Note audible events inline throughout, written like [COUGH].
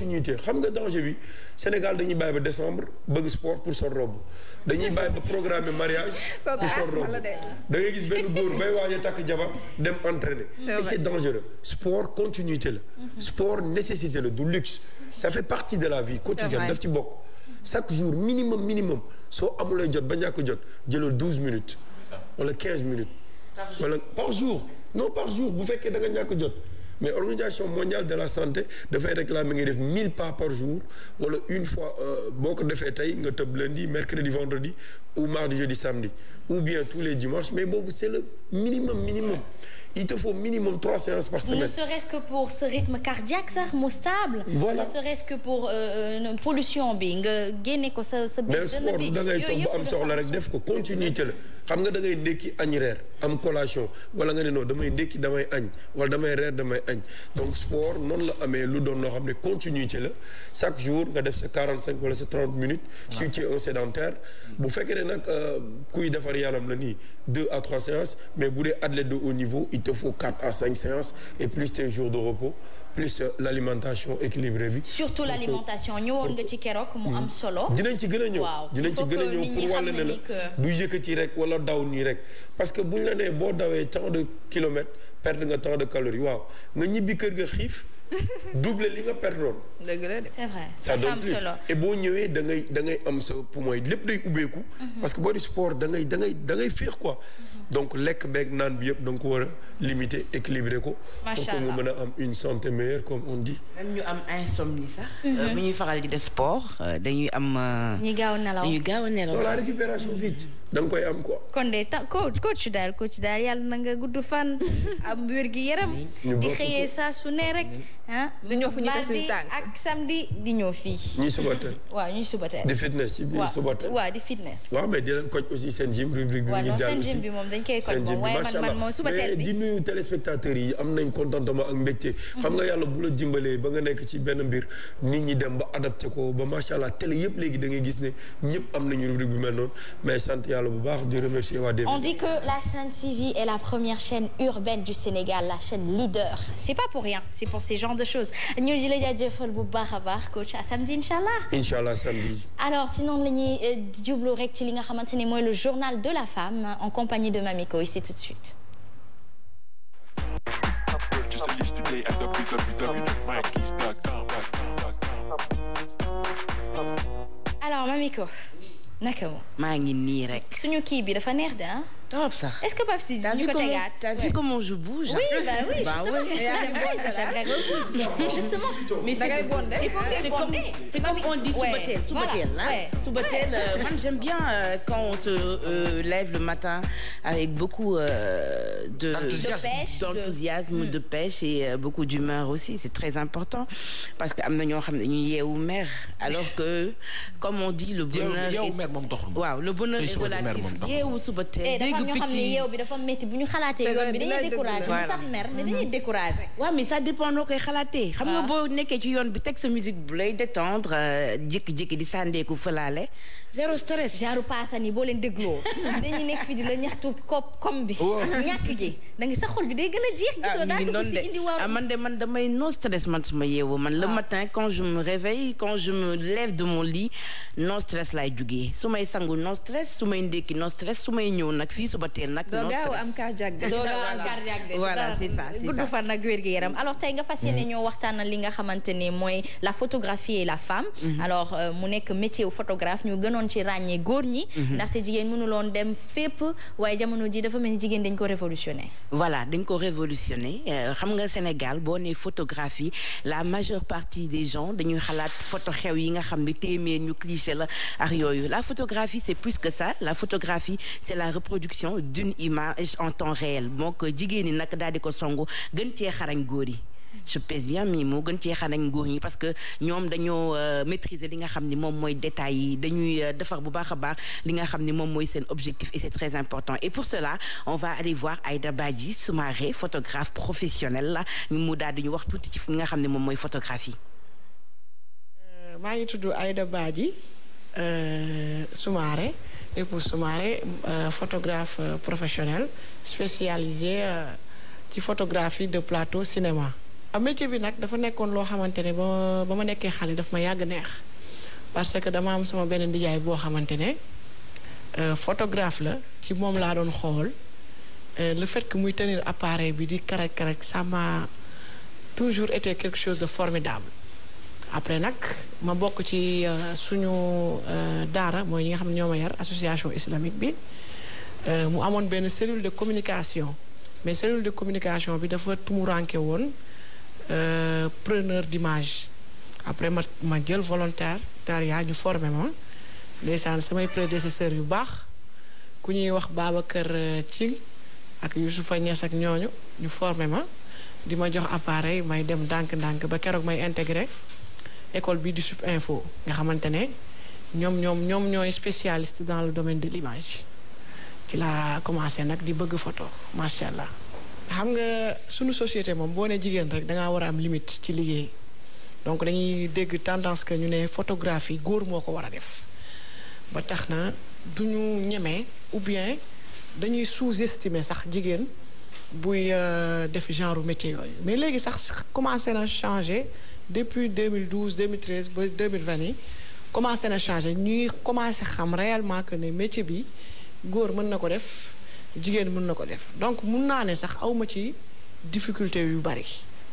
continuité xam nga danger bi Sénégal dañuy bàyyi ba décembre bëgg sport pour sol robe dañuy bàyyi ba programme mariage pour sol robe da ngay gis benn góor bay waaj a takk jabar dem entraîner et c'est dangereux sport continuité la mhm. sport nécessité la du luxe ça fait partie de la vie quotidienne daf ci bokk chaque soo amulay jot ba ñàkk jot jëlal douze minutes wala quinze minutes wala par jour non par jour bu fekkee da nga ñàkk jot mais organisation mondiale de la santé dafay réclamer ngi def mille pas par jour wala une fois euh, boo ko defee tey nga tëb lundi mercredi vendredi ou mardi jeudi samedi ou bien tous les dimanches mais boobu c'est le minimum minimum il te faut minimum trois séances par semaine. ne serait-ce que pour ce rythme cardiaque sax mu stable. ne serait-ce que pour euh, euh pollution bi nga génne ko sa sa. benn bi yooyu yëpp am soxla rek def ko continuité la. xam nga dangay ngay ndékki añ reer am collation wala nga ne non damay ndékki damay añ wala damay reer damay añ donc sport noonu la amee lu doon loo xam ne continuité la chaque jour nga def sa quarante 45 wala sa 30 minutes. waaw si tu es un sédentaire. bu fekkee ne nag euh, kuy defar yaram la nii 2 à 3 séances mais bu dee athlète de haut niveau il te faut 4 à cinq séances et plus tes jours de repos. plus l'alimentation équilibrée bi. surtout l'alimentation euh, ñëwoon nga ci keroog mu hmm. am solo. dinañ ci gën a ñëw dinañ ci gën a ñëw pour wàll ne la du yëkkati rek wala daw nii rek parce que buñ la nee boo dawee tant de kilomètres perdre nga tant de calories waaw nga ñibbi kër nga xiif. double li nga perdre. dëgg la c'est vrai ça donne plus et boo ñëwee da ngay da ngay am sa poumon yi lépp day ubbeeku. Mm-hmm. parce que boo di sport da ngay da ngay da ngay féex quoi. Mm-hmm. donc lekk beeg naan bi yëpp da nga ko war a limiter équilibrer ko. macha allah pour que nga am une santé meilleure ñu am insomnie sax. Mm-hmm. Euh, bu ñuy faral di def sport euh, dañuy am. Euh, ñi gaaw a nelaw ñi gaaw a nelaw. la récupération vite da koy am quoi. kon de ta coach daal coach daal yàlla na nga gudd fan. [LAUGHS] am wér gi yaram. di xëyee saa su ne rek. ah mardi ak samedi di ñëw fii. ñuy subatel waaw ñuy subatel. di fitness ci biir subatel waaw di fitness. waaw mais di leen koñ aussi seen gym rubrique bi. ñu jàll aussi seen gym bi moom dañ koy koñ moom waaye man man moom subatel bi. mais di nuyu téléspectateurs yi am nañ contentement ak mbégte. xam nga mhm. yàlla bu la jimbalee ba nga nekk ci benn mbir nit ñi dem ba adapté ko ba macha allah télé yëpp léegi da ngay gis ne ñëpp am nañu rubrique bu mel noonu mais sant yàlla bu baax di remercier waa DMV. on dit que la Sen TV est la première chaîne urbaine du Sénégal la chaîne leader c'est pas pour rien c'est pour ces gens genre de choses ñu di la jaajëfal bu baax a baax coach à samedi incha allah. incha allah samedi. alors ci noonu la ñuy euh, jublu rek ci li nga xamante ni mooy le journal de la femme en compagnie de Mamiko ici tout de suite. alors Mamiko. naka moo. maa ngi nii rek. suñu kii bi dafa neex de top sax est-ce que Pape Sidy ñu ko tegaat t'as vu comment je bouge. oui bah oui justement c'est ce que j'aimerais j'aime bien euh, quand on se euh, lève le matin avec beaucoup euh, de d'enthousiasme de pêche mm. et beaucoup d'humeur aussi c'est très important parce que am na ñoo xam ne ñu yeewu mer alors que comme on dit le bonheur. est relatif yeewu suba am ñoo xam ne yeew bi dafa métti bu ñu xalaatee yoon bi dañuy découragé bu sax mer mais dañuy découragé waaw mais ça dépend noo koy xalaatee xam nga boo nekkee ci yoon bi teg sa musique bu lay détendre euh, jékki-jékki di sàndeeku fëlaale zéro stress genre paasan yi boo leen dégloo [LAUGHS] dañuy nekk fi di la ñaxtu kopp kom bi ñàkk gi da nga sa xol bi day gën a jeex ah, gisoo daa dugg si indi waaw ah, man de man damay non stress man su ma yeewoo man le ah. matin quand je me réveille quand je me lève de mon lit non stress laay suba teel nag. non gaaw am cardiaque doo gaaw am cardiaque de voilà c'est ça nag wér gu yaram alors tey nga fas yéene mm. ñoo waxtaanal li nga xamante ne mooy la photographie et la femme. Mm-hmm. alors euh, mu nekk métier wu photographe ñu gënoon ci ràññee góor ñi. Mm-hmm. ndaxte jigéen mënuloon dem fépp waaye jamono ji dafa mel ni jigéen dañ ko révolutionné. voilà dañ ko révolutionné euh, xam nga Sénégal boo ne photographie la majeure partie des gens dañuy xalaat photo xew yi nga xam ne téeméer ñu la ak yooyu la photographie c'est réalisation d'une image en temps réel donc jigéen ñi nag daal di ko songu gën cee xarañ góor yi je pèse bien mi moo gën cee xanañ góor ñi parce que ñoom dañoo euh, maitrise li nga xam ni moom mooy détails yi dañuy euh, defar bu baax a baax li nga xam ni moom mooy seen objectif et c'est très important et pour cela on va aller voir Aïda Badji Soumaré photographe professionnel la mu daal di ñu wax tuuti ci li nga xam ne moom mooy photographie. Euh, maa ngi tudd Aïda Badji Soumaré Épouse Soumaré euh, photographe euh, professionnel spécialisé euh, ci photographie de plateau cinéma. Ah, métier bi nag dafa nekkoon loo xamante ne ba ba ma nekkee xale daf ma yàgg neex parce que dama am sama benn ndijaay boo xamante ne photographe la ci moom laa doon xool le fait que muy tenir appareil bi di karaj karaj ça m'a toujours été quelque chose de formidable. après nag ma bokk ci euh, suñu euh, daara mooy ñi nga xam ne ñoo ma yar association islamique bi euh, mu amoon benn cellule de communication mais cellule de communication bi dafa tumuranke woon preneur d'image après ma ma jël volontaire tariya ñu formé ma ndeysaan samay prédécesseurs yu baax ku ñuy wax Babacar Thiel ak Youssoufa Niass ak ñooñu ñu formé ma di ma jox appareil may dem ndànk-ndànk ba keroog may intégré école bi di sub info nga xamante ne ñoom ñoom ñoom ñooy spécialiste dans le domaine de l'image ci laa commencé nag di bëgg photo macha allah. xam nga sunu société moom boo nee jigéen rek da ngaa war a am limite ci liggéey donc dañuy dégg tendance que ñu ne photographie góor moo ko war a def ba tax na du ñu ñeme ou bien dañuy sous-estimer sax jigéen buy euh, def genre métier yooyu mais léegi sax commencé na changer. depuis 2012 2013 ba 2020 yi commencé na changé ñuy commencé xam réellement que ne métier bi góor mën na ko def jigéen mën na ko def donc mun naa ne sax awma ci difficulté yu bari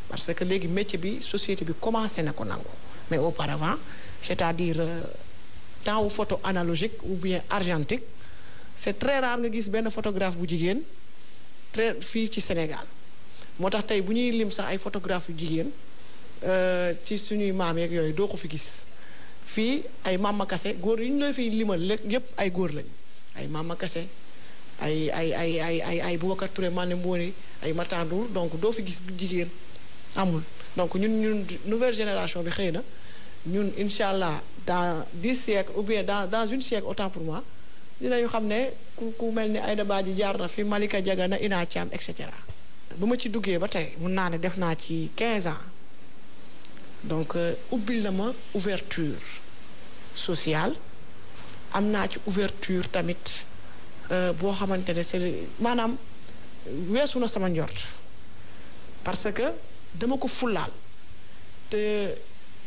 parce que léegi métier bi société bi commencé na ko nangu mais auparavant c'est-à-dire euh, temps wu photo analogique ou bien argentique c'est très rare nga gis benn photographe bu jigéen très fii ci Sénégal moo tax tey bu ñuy lim sax ay photographe yu jigéen Euh, ci suñuy maam yeeg yooyu doo ko fi gis fii ay maam kase góor yi ñu la fiy limal lépp yépp ay góor lañ ay maam kase ay ay ay ay ay ay Boubacar Touré Mané Mboné ay Matar donc doo fi gis jigéen amul donc ñun ñun nouvelle génération bi xëy na ñun incha allah dans dix siècles ou bien dans dans une siècle autant pour moi dinañu xam ne ku ku mel ni ay Badji jaar na fi Malika Diagana Ina Thiam et cetera. ba ma ci duggee ba tey mun naa ne def naa ci 15 ans. donc euh, ubbil na ma ouverture sociale am naa ci ouverture tamit euh, boo xamante ne c'est maanaam weesu na sama njort parce que dama ko fullaal te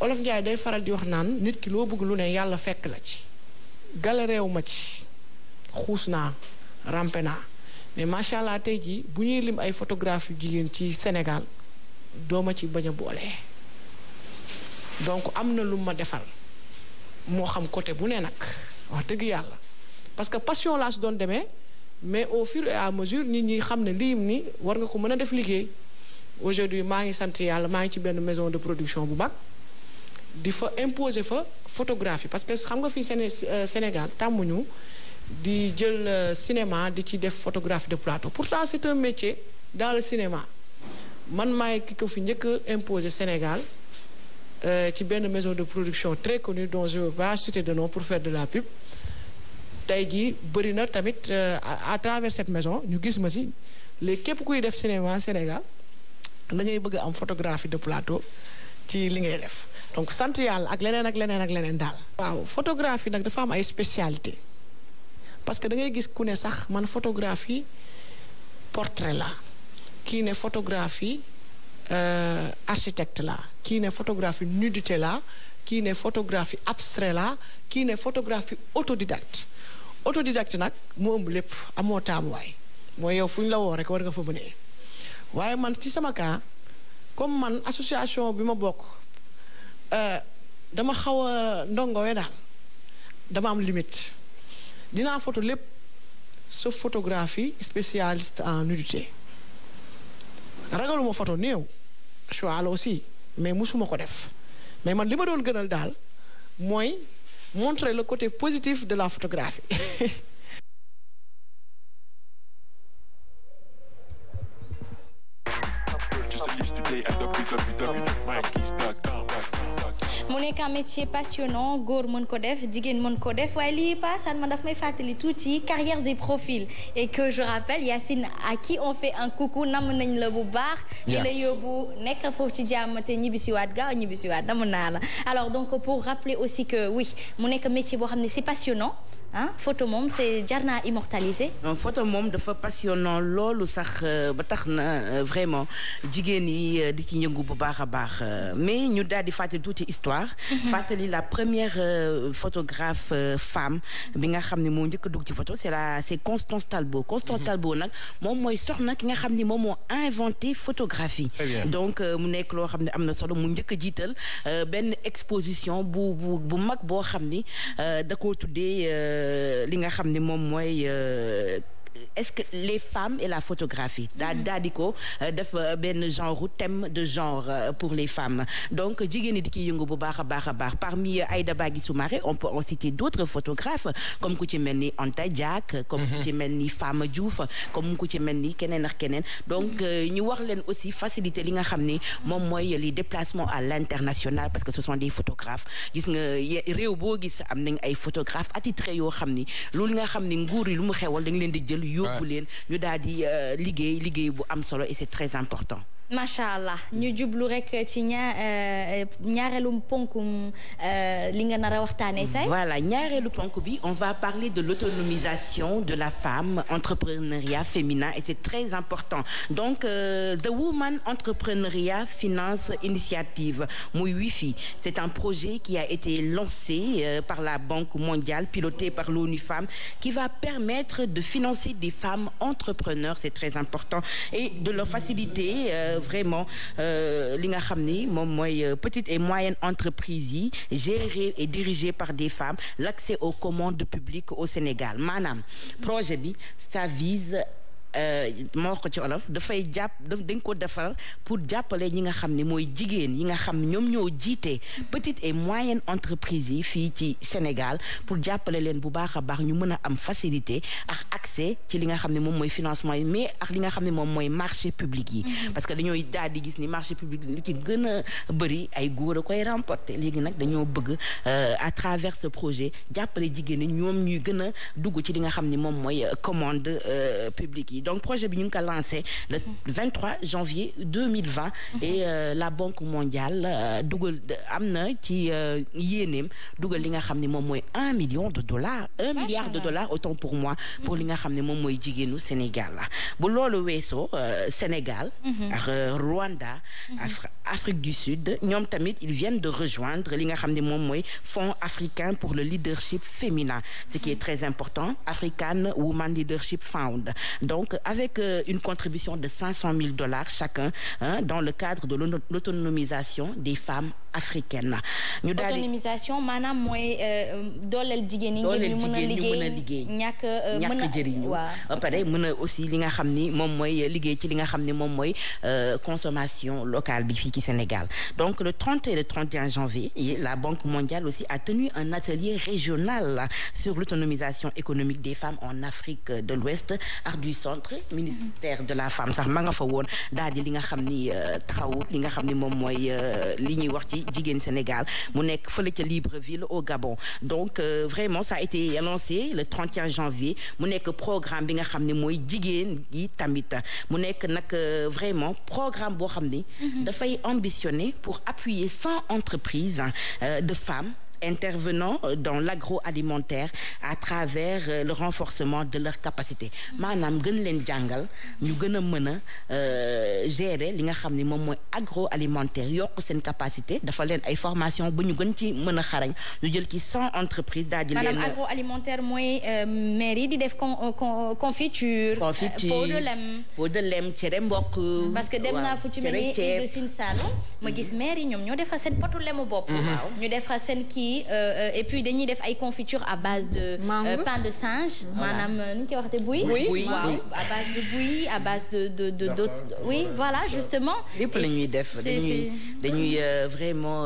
Olof Njaay day faral di wax naan nit ki loo bëgg lu ne yàlla fekk la ci galereew ma ci xuus naa rampe naa mais macha allah tey jii bu ñuy lim ay photographie jigéen ci Sénégal dooma ci bañ a boole donc am na lu ma defal moo xam côté bu ne nag wax dëgg yàlla parce que passion laa si doon demee mais au fur et à mesure nit ñi xam ne lii ni war nga ko mën a def liggéey aujourd'hui maa ngi sant yàlla maa ngi ci benn maison de production bu mag di fa imposer fa photographie parce que xam nga fii euh, Sénégal tàmmuñu di jël euh, cinéma di ci def photographe de plateau pourtant c'est un métier daal le man maay ki ko fi njëkk imposer Sénégal Euh, ci benn maison de production très connue dont je ne veux pas de nom pour faire de la pub tey jii bëri na tamit euh, à travers cette maison ñu gis ma si léegi képp kuy def cinéma Sénégal dangay ngay bëgg am photographie de plateau ci li ngay def donc sant yàlla ak leneen ak leneen ak leneen daal. waaw photographie nag dafa am ay spécialité parce que da ngay gis ku ne sax man photographie portrait la kii ne photographie. Euh, architecte la kii ne photographie nudité la kii ne photographie abstrait la kii ne photographie autodidacte autodidacte nag mu ëmb lépp amoo taamuwaay mooy yow fu ñu la woo rek war nga fa ne waaye man ci sama cas comme man association bi ma bokk euh, dama xaw a ndongowe daal dama am limite dinaa photo lépp sauf photographie spécialiste en nudité ragaluma photo néew choix la aussi mais mosuma ko def mais man li ma doon gënal daal mooy montre le côté positif de la photographie. mu nekk un métier passionnant góor mën ko def jigéen mën ko def waaye lii paasaan man daf may fàttali tuuti carrières et profils et que je rappelle Yacine a qui on fait un coucou nam nañ la bu baax di la yóbbu nekk foofu ci jàmm te ñibbisiwaat gaaw ñibbisiwaat namm naa la alors donc pour raple aussi que oui mu nekk métier boo xam ne c'est passionnant ah photo moom c'est jar naa immortalisé. non photo moom dafa passionnant loolu sax euh, ba tax na euh, vraiment jigéen yi euh, di ci yëngu bu baax a baax mais ñu daal di fàttali tuuti histoire. Mhm. fàttali la première photographe femme bi nga xam ni moo njëkk dugg ci photo c'est la c'est Constance Talbot. Constance mhm. Talbot nag moom mooy soxna ki nga xam ni moom moo inventé photographie. donc mu nekk loo xam ne am na solo mu njëkk a jiital benn exposition bu bu mag boo xam ni da tuddee. Euh, li nga xam ne moom mooy euh, est-ce que les femmes et la photographie. daal mm. daal di ko euh, def euh, benn genre thème de genre euh, pour les femmes donc jigéen ñi di ciy yëngu bu baax a baax a baax parmi Aïda Bagui Soumaré on peut en citer d'autres photographes comme ku ci mel ni Anta Diack. comme ku mm-hmm. ci mel ni Fama Diouf comme ku ci mel ni keneen ak keneen donc mm-hmm. ñu wax leen aussi faciliter li nga xam ni moom mooy les déplacements à l'international parce que ce sont des photographes gis nga réew boo gis am nañ ay photographes attitrés yoo xam ni loolu nga xam ni nguur yi lu mu xewal dañ leen di jël. yóbbu leen ñu daal di euh, liggéey liggéey bu am solo et c'est très important macha allah ñu jublu rek ci ñaar euh, ñaareelu ponkum euh, li nga nar a waxtaanee voilà ñaareelu ponk bi on va parler de l'autonomisation de la femme entrepreneuriat féminin et c'est très important donc euh, the woman entrepreneuriat finance initiative muy WIFI c'est un projet qui a été lancé euh, par la Banque mondiale piloté par l'ONU Femmes qui va permettre de financer des femmes entrepreneurs c'est très important et de leur faciliter vraiment euh, li nga xam ni moom mooy euh, petite et moyenne entreprise yi gérée et dirigée par des femmes l'accès aux commandes publiques au Sénégal maanaam projet bi ça vise Euh, ma wax ko ci olof dafay jàpp dañ ko defar pour jàppale ñi nga xam ni mooy jigéen ñi nga xam ñoom ñoo jiite petite et moyenne entreprise yi fii ci Sénégal pour jàppale leen bu baax a baax ñu mën a am facilité ak accès ci li nga xam ne moom mooy financement yi mais ak li nga xam ne moom mooy marché public yi mm-hmm. parce que dañooy daal di gis ni marché public li ci gën a bëri ay góor a koy remporter léegi nag dañoo bëgg euh, à travers ce projet jàppale jigéen ñi ñoom ñuy gën a dugg ci li nga xam ne moom mooy euh, commande publique yi donc projet bi ñu ngi ko lancé le 23 janvier 2020 mhm. et euh, la banque mondiale euh, dugal am na ci euh, yéeneem dugal li nga xam ne moom mooy un million de dollars un milliard de dollars autant pour moi pour li nga xam ne moom mooy jigéenu Sénégal la bu loolu weesoo Sénégal mhm. ak Rwanda mhm. Afrique du Sud ñoom tamit ils viennent de rejoindre li nga xam ne moom mooy Fonds africain pour le leadership féminin ce qui est très important African Women Leadership Fund donc donc avec euh, une contribution de 500 000 dollars chacun hein, dans le cadre de l'autonomisation des femmes africaine ñu daal autonomisation maanaam mooy euh, euh, dooleel jigéen ñi ngir ñu mën a liggéey ñàkk euh, ñàkk jëriñu ba pare mën a aussi li nga xam ni moom mooy liggéey ci li nga xam ni moom mooy consommation locale bi fii ci Sénégal donc le 30 et le 31 janvier la Banque mondiale aussi a tenu un atelier régional sur l'autonomisation économique des femmes en Afrique de l'Ouest ak du centre ministère de la femme sax ma nga fa woon daal di li nga xam ni taxaw li nga xam ni moom mooy li ñuy wax ci ci jigéen Sénégal mu nekk fële ca Libreville au Gabon donc euh, vraiment ça a été annoncé le 31 janvier mu nekk programme bi nga xam ne mooy jigéen yi tamit mu nekk nag euh, vraiment programme boo xam ne mhm. dafay ambitionné pour appuyer cent entreprises euh, de femmes intervenant euh, dans alimentaire à travers euh, le renforcement de leur capacité maanaam gën leen jàngal ñu gën a mën a euh, gérer li nga xam ni moom mooy alimentaire yokk seen capacité dafa leen ay formation bu ñu gën ci mën a xarañ ñu jël ki cent entreprises daal di leen maanaam agroalimentaire mooy maire di def confiture pot de lem pot de lem cere mbokk parce que dem naa fu ci mel ni Sine Saloum ma gis maire yi ñoom ñoo defar seen potu lemu bopp mhm. waaw ñu defar seen kii yi euh, et puis dañuy def ay confiture à base de. Euh, pain de singe. maanaam euh, nu ñu koy waxatee buy. buy a à base de buy à base de de de d' oui voilà justement. lépp la ñuy def dañuy dañuy vraiment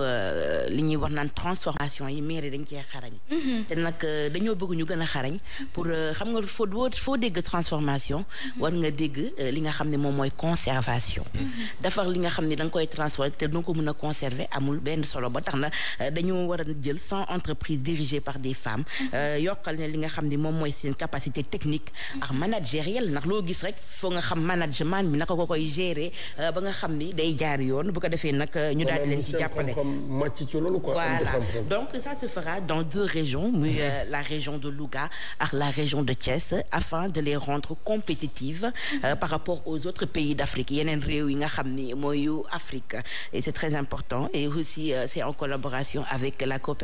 li ñuy wax naan transformation yi mairie dañ cee xarañ. Mhm. te dañoo bëgg ñu gën a xarañ pour xam nga foo foo dégg transformation mhm. war nga dégg li nga xam ne moom mooy conservation. Mhm. defar li nga xam ne da nga koy transformer te doo ko mën a conserver amul benn solo ba tax na dañoo war a jël. jël cent entreprises dirigées par des femmes mhm. euh, yokkal ne li nga xam ne moom mooy seen capacité technique mhm. ak managérielle ndax loo gis rek nga xam management bi naka ko gérer euh, ba nga xam ni day jaar yoon bu ko defee nag euh, ñu daal di leen ci jàppale donc ça se fera dans deux régions muy mhm. la région de Louga a la région de Thiès afin de les rendre compétitives par rapport aux autres pays d'Afrique yeneen réew nga xam ni mooy Afrique et c'est très important et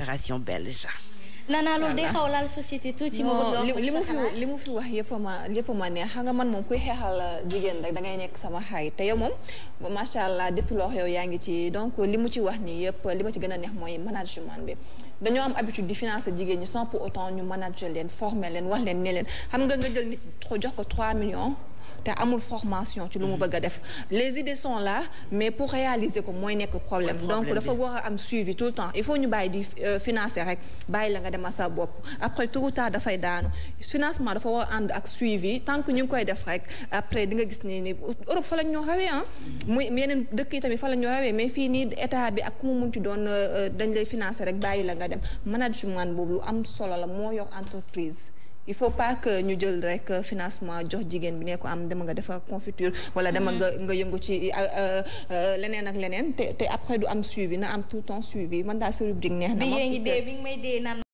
coopération belge. nanaa loolu day xaw laal société tuuti. moo li mu fi wax yëpp ma yëpp ma neex xam nga man moom kuy xeexal euh, jigéen rek da ngay nekk sama xay te yow moom macha allah depuis loo yow yaa ngi ci donc li mu ci wax nii yëpp li ma ci gën a neex mooy management bi dañoo am habitude di financer jigéen ñi sans pour autant ñu manager leen former leen wax leen ne leen xam nga nga jël nit jox ko 3 millions. te amul formation ci lu mu mhm. bëgg a def les idées sont là mais pour réaliser ko mooy nekk problème donc dafa war a am suivi tout le temps il faut ñu bàyyi di euh, financer rek bàyyi la nga demal sa bopp après tout le temps dafay daanu financement dafa ànd ak suivi tant que ñu ngi koy def rek après di nga gis nii ni Europe fa la ñu rawee ah mhm. muy yeneen dëkk yi tamit la ñu rawee mais fii nii état bi ak ku mu mun ci doon euh, euh, dañ lay financer rek bàyyi la nga dem management boobu lu am solo la moo yor entreprise il faut pas que ñu jël rek financement jox jigéen bi ne ko am dama nga defar confiture wala dama nga mhm. nga yëngu ci euh, euh, leneen ak leneen te te après du am suivi na am tout temps suivi man daa sa rubrique neex na. bi yee ngi dee bi may dee naan